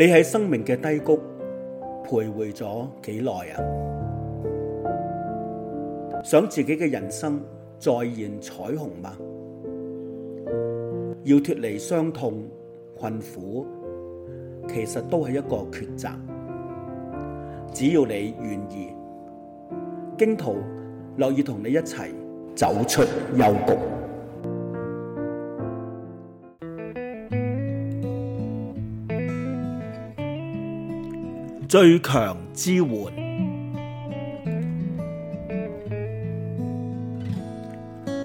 你喺生命嘅低谷徘徊咗幾耐啊？想自己嘅人生再現彩虹嗎？要脫離傷痛困苦，其實都係一個抉擇。只要你願意，荊徒樂意同你一齊走出幽谷。最強支援，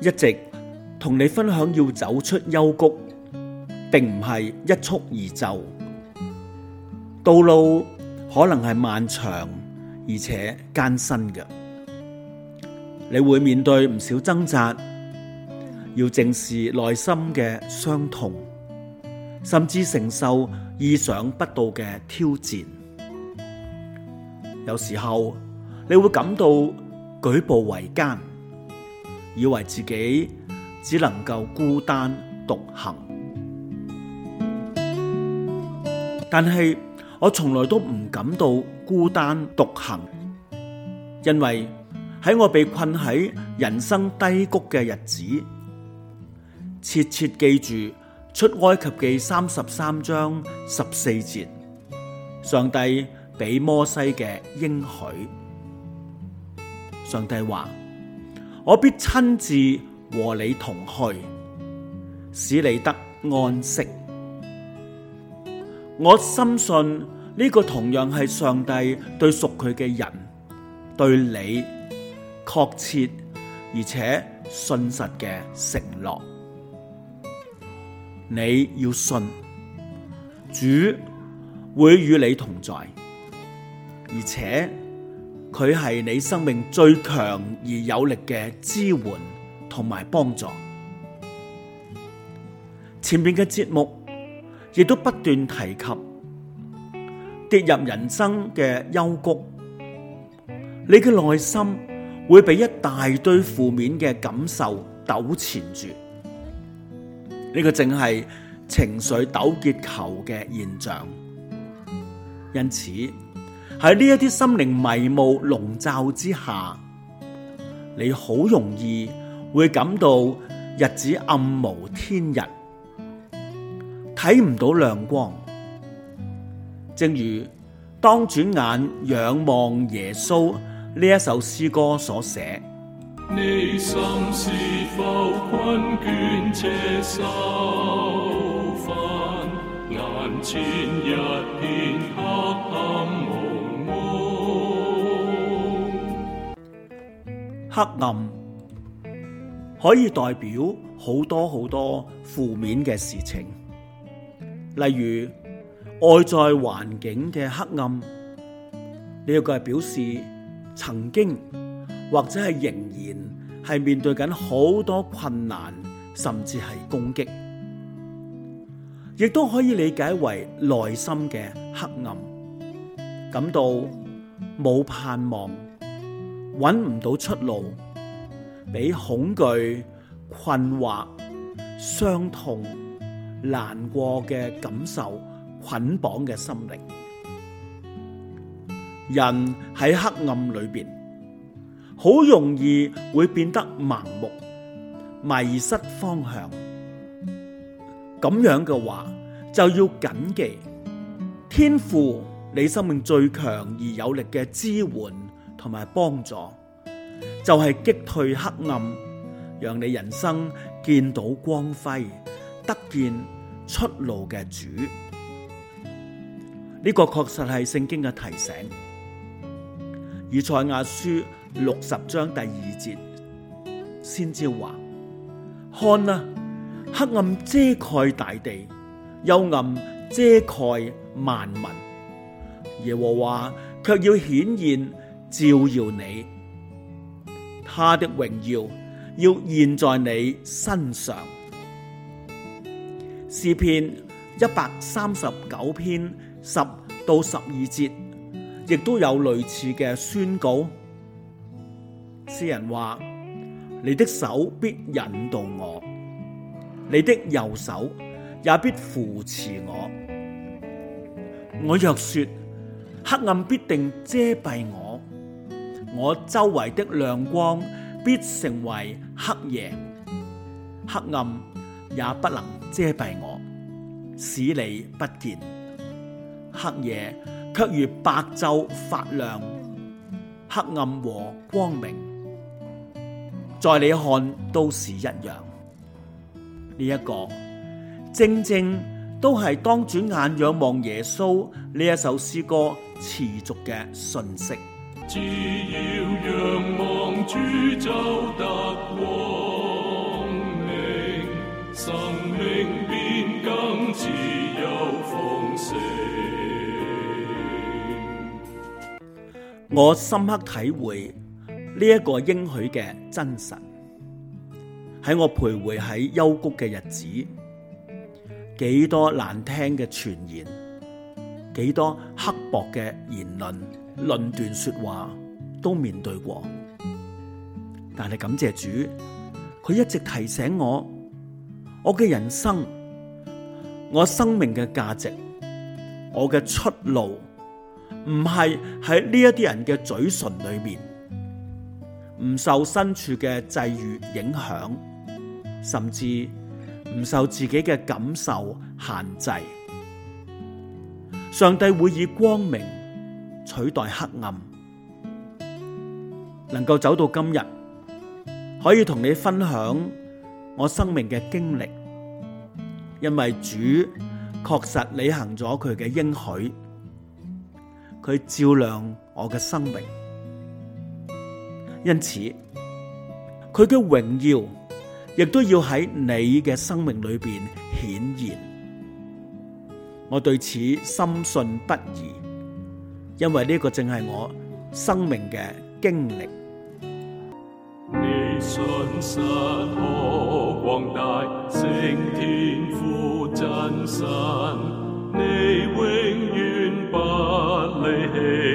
一直同你分享，要走出幽谷，並唔係一蹴而就。道路可能係漫長而且艱辛嘅，你會面對唔少掙扎，要正視內心嘅傷痛，甚至承受意想不到嘅挑戰。有時候你會感到舉步維艱，以為自己只能夠孤單獨行。但係我從來都唔感到孤單獨行，因為喺我被困喺人生低谷嘅日子，切切記住出埃及記三十三章十四節，上帝。俾摩西嘅應許，上帝話：我必親自和你同去，使你得安息。我深信呢個同樣係上帝對屬佢嘅人，對你確切而且信實嘅承諾。你要信，主會與你同在。而且佢係你生命最強而有力嘅支援同埋幫助。前面嘅節目亦都不斷提及，跌入人生嘅幽谷，你嘅內心會被一大堆負面嘅感受糾纏住。呢、這個正係情緒糾結球嘅現象，因此，喺呢一啲心靈迷霧籠罩之下，你好容易會感到日子暗無天日，睇唔到亮光。正如當轉眼仰望耶穌呢一首詩歌所寫。你心是否困倦這黑暗可以代表好多好多負面嘅事情，例如外在環境嘅黑暗，呢個係表示曾經或者係仍然係面對緊好多困難，甚至係攻擊，亦都可以理解為內心嘅黑暗，感到冇盼望。揾唔到出路，俾恐懼、困惑、傷痛、難過嘅感受捆綁嘅心靈，人喺黑暗裏邊，好容易會變得盲目、迷失方向。咁樣嘅話，就要謹記，天父你生命最強而有力嘅支援。同埋幫助就係、是、擊退黑暗，讓你人生見到光輝，得見出路嘅主。呢、這個確實係聖經嘅提醒。以賽亞書六十章第二節先至話：看啊，黑暗遮蓋大地，幽暗遮蓋萬民，耶和華卻要顯現。照耀你，他的榮耀要現在你身上。詩篇一百三十九篇十到十二節，亦都有類似嘅宣告。詩人話：你的手必引導我，你的右手也必扶持我。我若說，黑暗必定遮蔽我。我周圍的亮光必成為黑夜，黑暗也不能遮蔽我，使你不見。黑夜卻如白晝發亮，黑暗和光明，在你看都是一樣。呢一個正正都係當轉眼仰望耶穌呢一首詩歌持續嘅信息。只要仰望主走得光明，生命便更自由豐盛。我深刻體會，呢、這、一個應許嘅真實，喺我徘徊喺幽谷嘅日子，幾多難聽嘅傳言，幾多刻薄嘅言論。論斷說話都面對過，但係感謝主，佢一直提醒我，我嘅人生，我生命嘅價值，我嘅出路，唔係喺呢一啲人嘅嘴唇裏面，唔受身處嘅際遇影響，甚至唔受自己嘅感受限制。上帝會以光明。取代黑暗，能夠走到今日，可以同你分享我生命嘅經歷，因為主確實履行咗佢嘅應許，佢照亮我嘅生命，因此佢嘅榮耀亦都要喺你嘅生命裏邊顯現，我對此深信不疑。因為呢個正係我生命嘅經歷。你信實廣大，聖天父真神，你永遠不離棄。